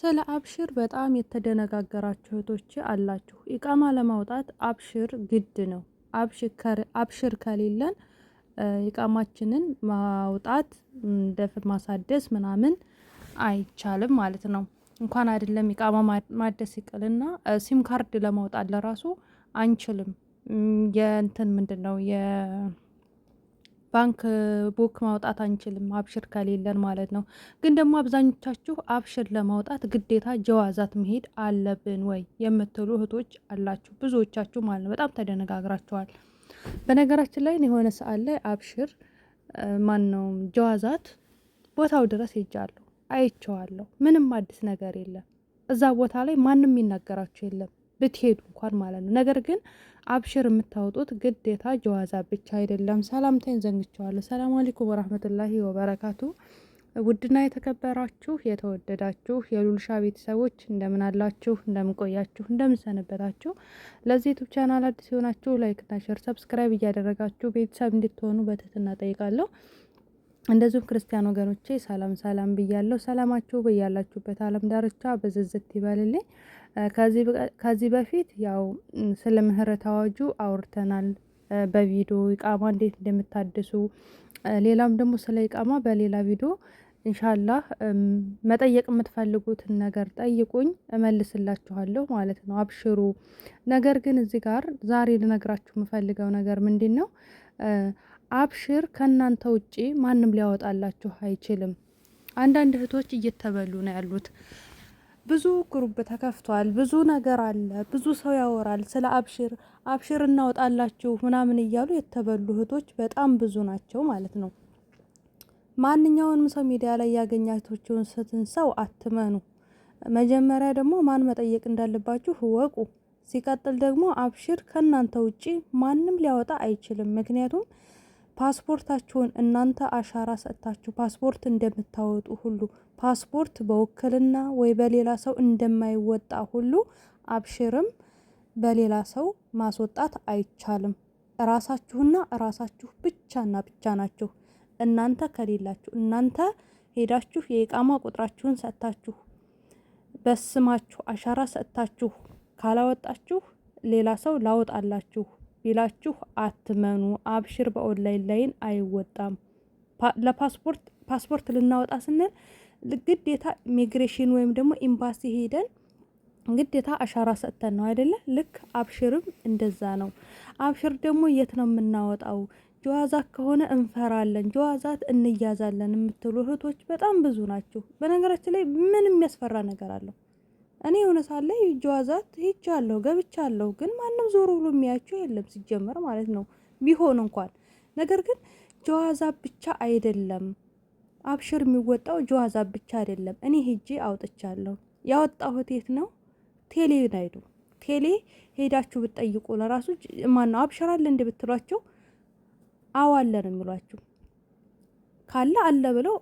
ስለ አብሽር በጣም የተደነጋገራችሁ እህቶች አላችሁ። ኢቃማ ለማውጣት አብሽር ግድ ነው። አብሽር ከሌለን ኢቃማችንን ማውጣት ደፍ ማሳደስ ምናምን አይቻልም ማለት ነው። እንኳን አይደለም ኢቃማ ማደስ ይቅልና ሲም ካርድ ለማውጣት ለራሱ አንችልም። የእንትን ምንድን ነው ባንክ ቡክ ማውጣት አንችልም አብሽር ከሌለን ማለት ነው። ግን ደግሞ አብዛኞቻችሁ አብሽር ለማውጣት ግዴታ ጀዋዛት መሄድ አለብን ወይ የምትሉ እህቶች አላችሁ፣ ብዙዎቻችሁ ማለት ነው። በጣም ተደነጋግራችኋል። በነገራችን ላይ የሆነ ሰዓት ላይ አብሽር ማን ነው ጀዋዛት ቦታው ድረስ ሄጃለሁ፣ አይቼዋለሁ። ምንም አዲስ ነገር የለም እዛ ቦታ ላይ ማንም የሚናገራቸው የለም። ብትሄዱ እንኳን ማለት ነው። ነገር ግን አብሽር የምታወጡት ግዴታ ጀዋዛ ብቻ አይደለም። ሰላምታይን ዘንግቸዋለሁ። ሰላም አለይኩም ወራህመቱላሂ ወበረካቱ። ውድና የተከበራችሁ የተወደዳችሁ የሉልሻ ቤተሰቦች እንደምን አላችሁ? እንደምን ቆያችሁ? እንደምን ሰነበታችሁ? ለዚህ ዩቱብ ቻናል አዲስ የሆናችሁ ላይክና ሸር ሰብስክራይብ እያደረጋችሁ ቤተሰብ እንድትሆኑ በትህትና ጠይቃለሁ። እንደዚሁም ክርስቲያን ወገኖቼ ሰላም ሰላም ብያለሁ። ሰላማችሁ በያላችሁበት አለም ዳርቻ በዝዝት ይበልልኝ። ከዚህ በፊት ያው ስለ ምህረት አዋጁ አውርተናል በቪዲዮ ይቃማ እንዴት እንደምታድሱ ሌላም ደግሞ ስለ ይቃማ በሌላ ቪዲዮ ኢንሻላህ መጠየቅ የምትፈልጉትን ነገር ጠይቁኝ፣ እመልስላችኋለሁ ማለት ነው። አብሽሩ። ነገር ግን እዚህ ጋር ዛሬ ልነግራችሁ የምፈልገው ነገር ምንድን ነው? አብሽር ከእናንተ ውጪ ማንም ሊያወጣላችሁ አይችልም። አንዳንድ እህቶች እየተበሉ ነው ያሉት። ብዙ ግሩብ ተከፍቷል። ብዙ ነገር አለ። ብዙ ሰው ያወራል ስለ አብሽር አብሽር እናወጣላችሁ ምናምን እያሉ የተበሉ እህቶች በጣም ብዙ ናቸው ማለት ነው። ማንኛውንም ሰው ሚዲያ ላይ ያገኛቸውን ስትን ሰው አትመኑ። መጀመሪያ ደግሞ ማን መጠየቅ እንዳለባችሁ እወቁ። ሲቀጥል ደግሞ አብሽር ከእናንተ ውጪ ማንም ሊያወጣ አይችልም። ምክንያቱም ፓስፖርታችሁን እናንተ አሻራ ሰጥታችሁ ፓስፖርት እንደምታወጡ ሁሉ ፓስፖርት በውክልና ወይ በሌላ ሰው እንደማይወጣ ሁሉ አብሽርም በሌላ ሰው ማስወጣት አይቻልም። እራሳችሁና እራሳችሁ ብቻና ብቻ ናችሁ። እናንተ ከሌላችሁ እናንተ ሄዳችሁ የኢቃማ ቁጥራችሁን ሰጥታችሁ በስማችሁ አሻራ ሰጥታችሁ ካላወጣችሁ ሌላ ሰው ላወጣላችሁ ቢላችሁ አትመኑ። አብሽር በኦንላይን ላይን አይወጣም። ለፓስፖርት ፓስፖርት ልናወጣ ስንል ግዴታ ኢሚግሬሽን ወይም ደግሞ ኤምባሲ ሄደን ግዴታ አሻራ ሰጥተን ነው አይደለ? ልክ አብሽርም እንደዛ ነው። አብሽር ደግሞ የት ነው የምናወጣው? ጀዋዛት ከሆነ እንፈራለን፣ ጀዋዛት እንያዛለን የምትሉ እህቶች በጣም ብዙ ናችሁ። በነገራችን ላይ ምን የሚያስፈራ ነገር አለው? እኔ የሆነ ሰዓት ላይ ጀዋዛት ሄጃለሁ፣ ገብቻለሁ፣ ግን ማንም ዞሮ ብሎ የሚያያችሁ የለም ሲጀመር ማለት ነው ቢሆን እንኳን ነገር ግን ጀዋዛ ብቻ አይደለም አብሽር የሚወጣው ጀዋዛብ ብቻ አይደለም። እኔ ሄጄ አውጥቻለሁ። ያወጣሁት የት ነው? ቴሌ ናይዱ ቴሌ ሄዳችሁ ብትጠይቁ ለራሱ ማነው አብሽር አለ እንዴ ብትሏቸው አዋለን የሚሏችሁ ካለ አለ ብለው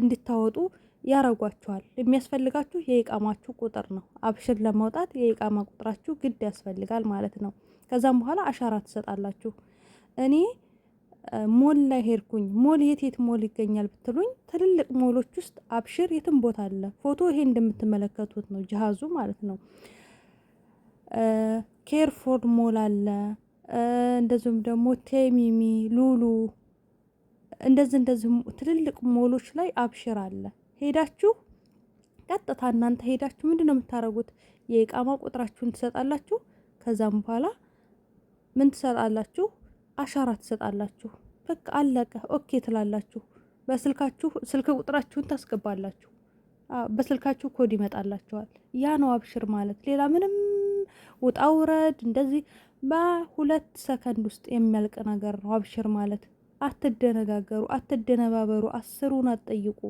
እንድታወጡ ያረጓችኋል። የሚያስፈልጋችሁ የኢቃማችሁ ቁጥር ነው። አብሽር ለማውጣት የኢቃማ ቁጥራችሁ ግድ ያስፈልጋል ማለት ነው። ከዛም በኋላ አሻራ ትሰጣላችሁ። እኔ ሞል ላይ ሄድኩኝ። ሞል የት የት ሞል ይገኛል ብትሉኝ ትልልቅ ሞሎች ውስጥ አብሽር የትም ቦታ አለ። ፎቶ ይሄ እንደምትመለከቱት ነው፣ ጅሃዙ ማለት ነው። ኬርፎርድ ሞል አለ። እንደዚሁም ደግሞ ቴሚሚ፣ ሉሉ እንደዚህ እንደዚህ ትልልቅ ሞሎች ላይ አብሽር አለ። ሄዳችሁ ቀጥታ እናንተ ሄዳችሁ ምንድን ነው የምታደርጉት? የእቃማ ቁጥራችሁን ትሰጣላችሁ። ከዛም በኋላ ምን ትሰጣላችሁ? አሻራ ትሰጣላችሁ። በቃ አለቀ ኦኬ ትላላችሁ። በስልካችሁ ስልክ ቁጥራችሁን ታስገባላችሁ። በስልካችሁ ኮድ ይመጣላችኋል። ያ ነው አብሽር ማለት። ሌላ ምንም ውጣ ውረድ እንደዚህ በሁለት ሰከንድ ውስጥ የሚያልቅ ነገር ነው አብሽር ማለት። አትደነጋገሩ፣ አትደነባበሩ፣ አስሩን አትጠይቁ፣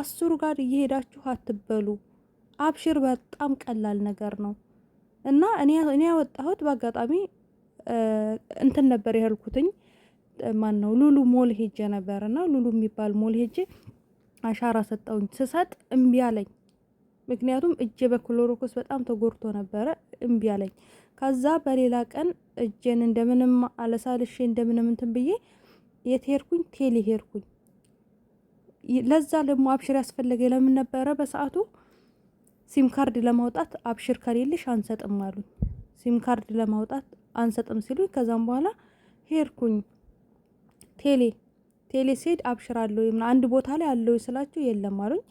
አስሩ ጋር እየሄዳችሁ አትበሉ። አብሽር በጣም ቀላል ነገር ነው እና እኔ ያወጣሁት በአጋጣሚ እንትን ነበር ያልኩትኝ ማን ነው ሉሉ ሞል ሄጄ ነበር እና ሉሉ የሚባል ሞል ሄጄ አሻራ ሰጠውኝ። ስሰጥ እምቢ አለኝ። ምክንያቱም እጄ በክሎሮኮስ በጣም ተጎድቶ ነበረ። እምቢ አለኝ። ከዛ በሌላ ቀን እጄን እንደምንም አለሳልሼ እንደምንም እንትን ብዬ የት ሄድኩኝ? ቴሌ ሄድኩኝ። ለዛ ደግሞ አብሽር ያስፈለገ ለምን ነበረ በሰዓቱ ሲም ካርድ ለማውጣት አብሽር ከሌለሽ አንሰጥም አሉኝ። ሲም ካርድ ለማውጣት አንሰጥም ሲሉኝ ከዛም በኋላ ሄድኩኝ ቴሌ ቴሌ ስሄድ አብሽራለሁ ምና አንድ ቦታ ላይ አለው ስላቸው የለም አሉኝ።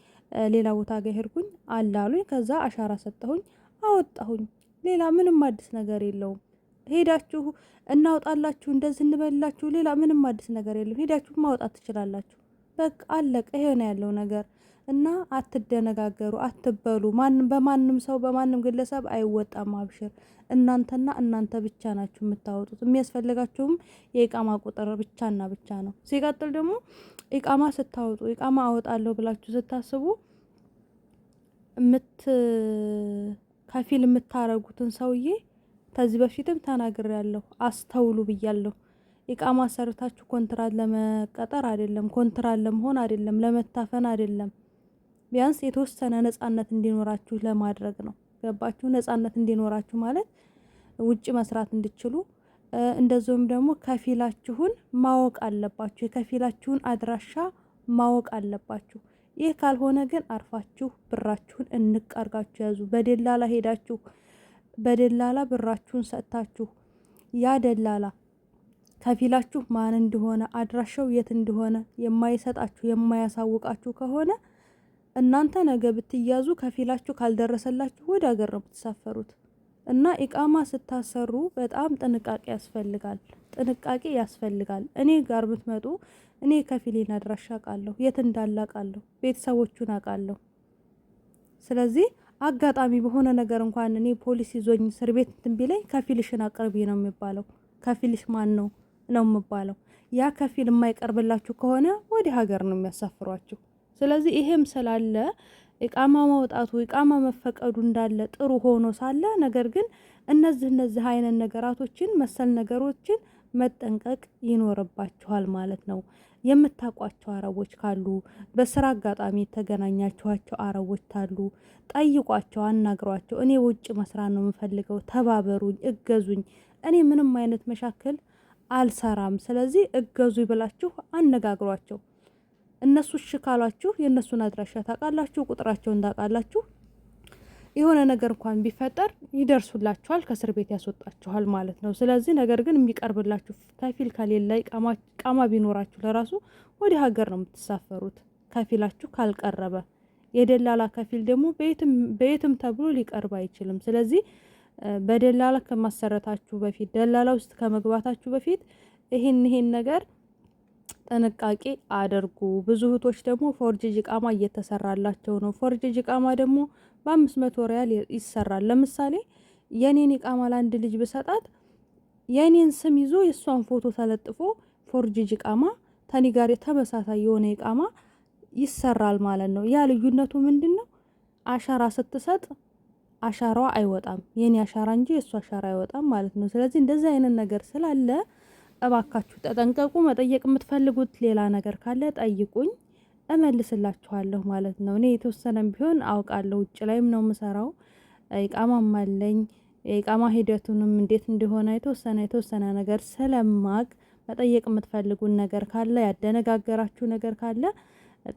ሌላ ቦታ ጋር ሄድኩኝ አለ ከዛ አሻራ ሰጠሁኝ አወጣሁኝ። ሌላ ምንም አዲስ ነገር የለውም። ሄዳችሁ እናውጣላችሁ እንደዚህ እንበላችሁ፣ ሌላ ምንም አዲስ ነገር የለም። ሄዳችሁ ማውጣት ትችላላችሁ። በቃ አለቀ። ይሄ ነው ያለው ነገር። እና አትደነጋገሩ፣ አትበሉ። ማንም በማንም ሰው በማንም ግለሰብ አይወጣም። አብሽር እናንተና እናንተ ብቻ ናችሁ የምታወጡት። የሚያስፈልጋችሁም የኢቃማ ቁጥር ብቻና ብቻ ነው። ሲቀጥል ደግሞ ኢቃማ ስታወጡ ኢቃማ አወጣለሁ ብላችሁ ስታስቡ ምት ከፊል የምታረጉትን ሰውዬ ከዚህ በፊትም ያለሁ አስተውሉ ብያለሁ። ኢቃማ ሰርታችሁ ኮንትራት ለመቀጠር አይደለም፣ ኮንትራት ለመሆን አይደለም፣ ለመታፈን አይደለም። ቢያንስ የተወሰነ ነጻነት እንዲኖራችሁ ለማድረግ ነው። ገባችሁ? ነጻነት እንዲኖራችሁ ማለት ውጭ መስራት እንድችሉ እንደዚሁም ደግሞ ከፊላችሁን ማወቅ አለባችሁ። የከፊላችሁን አድራሻ ማወቅ አለባችሁ። ይህ ካልሆነ ግን አርፋችሁ ብራችሁን እንቃርጋችሁ ያዙ። በደላላ ሄዳችሁ በደላላ ብራችሁን ሰጥታችሁ ያ ደላላ ከፊላችሁ ማን እንደሆነ አድራሻው የት እንደሆነ የማይሰጣችሁ የማያሳውቃችሁ ከሆነ እናንተ ነገ ብትያዙ ከፊላችሁ ካልደረሰላችሁ ወደ ሀገር ነው የምትሳፈሩት እና ኢቃማ ስታሰሩ በጣም ጥንቃቄ ያስፈልጋል። ጥንቃቄ ያስፈልጋል። እኔ ጋር ብትመጡ እኔ ከፊሌን አድራሻ አውቃለሁ፣ የት እንዳለ አውቃለሁ፣ ቤተሰቦቹን አውቃለሁ። ስለዚህ አጋጣሚ በሆነ ነገር እንኳን እኔ ፖሊስ ይዞኝ እስር ቤት እንትን ቢለኝ ከፊልሽን አቅርቢ ነው የሚባለው። ከፊልሽ ማን ነው ነው የሚባለው። ያ ከፊል የማይቀርብላችሁ ከሆነ ወደ ሀገር ነው የሚያሳፍሯችሁ። ስለዚህ ይሄም ስላለ ኢቃማ ማውጣቱ ኢቃማ መፈቀዱ እንዳለ ጥሩ ሆኖ ሳለ ነገር ግን እነዚህ እነዚህ አይነት ነገራቶችን መሰል ነገሮችን መጠንቀቅ ይኖርባችኋል ማለት ነው። የምታውቋቸው አረቦች ካሉ በስራ አጋጣሚ የተገናኛችኋቸው አረቦች ካሉ ጠይቋቸው፣ አናግሯቸው። እኔ ውጭ መስራት ነው የምፈልገው፣ ተባበሩኝ፣ እገዙኝ፣ እኔ ምንም አይነት መሻክል አልሰራም፣ ስለዚህ እገዙ ብላችሁ አነጋግሯቸው። እነሱ እሺ ካሏችሁ የእነሱን አድራሻ ታውቃላችሁ፣ ቁጥራቸውን ታውቃላችሁ። የሆነ ነገር እንኳን ቢፈጠር ይደርሱላችኋል፣ ከእስር ቤት ያስወጣችኋል ማለት ነው። ስለዚህ ነገር ግን የሚቀርብላችሁ ከፊል ከሌለ ቃማ ቢኖራችሁ ለራሱ ወደ ሀገር ነው የምትሳፈሩት፣ ከፊላችሁ ካልቀረበ። የደላላ ከፊል ደግሞ በየትም ተብሎ ሊቀርብ አይችልም። ስለዚህ በደላላ ከማሰረታችሁ በፊት ደላላ ውስጥ ከመግባታችሁ በፊት ይህን ይህን ነገር ጥንቃቄ አድርጉ። ብዙ እህቶች ደግሞ ፎርጅ ቃማ እየተሰራላቸው ነው። ፎርጂ ቃማ ደግሞ በአምስት መቶ ሪያል ይሰራል። ለምሳሌ የኔን ቃማ ለአንድ ልጅ ብሰጣት የኔን ስም ይዞ የእሷን ፎቶ ተለጥፎ ፎርጅ ቃማ ተኒ ጋር ተመሳሳይ የሆነ ቃማ ይሰራል ማለት ነው። ያ ልዩነቱ ምንድን ነው? አሻራ ስትሰጥ አሻራዋ አይወጣም። የኔ አሻራ እንጂ የእሱ አሻራ አይወጣም ማለት ነው። ስለዚህ እንደዚህ አይነት ነገር ስላለ እባካችሁ ተጠንቀቁ። መጠየቅ የምትፈልጉት ሌላ ነገር ካለ ጠይቁኝ፣ እመልስላችኋለሁ ማለት ነው። እኔ የተወሰነም ቢሆን አውቃለሁ። ውጭ ላይም ነው የምሰራው፣ ኢቃማም አለኝ። የኢቃማ ሂደቱንም እንዴት እንደሆነ የተወሰነ የተወሰነ ነገር ስለማቅ መጠየቅ የምትፈልጉን ነገር ካለ ያደነጋገራችሁ ነገር ካለ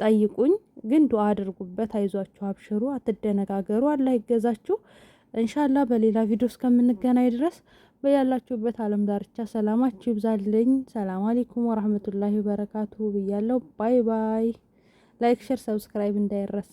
ጠይቁኝ። ግን ዱአ አድርጉበት። አይዟችሁ፣ አብሽሩ፣ አትደነጋገሩ። አላህ ይገዛችሁ። እንሻላ በሌላ ቪዲዮ እስከምንገናኝ ድረስ በያላችሁበት ዓለም ዳርቻ ሰላማችሁ ይብዛልኝ። ሰላም አለይኩም ወራህመቱላሂ ወበረካቱ ብያለሁ። ባይ ባይ። ላይክ፣ ሼር፣ ሰብስክራይብ እንዳይረሳ።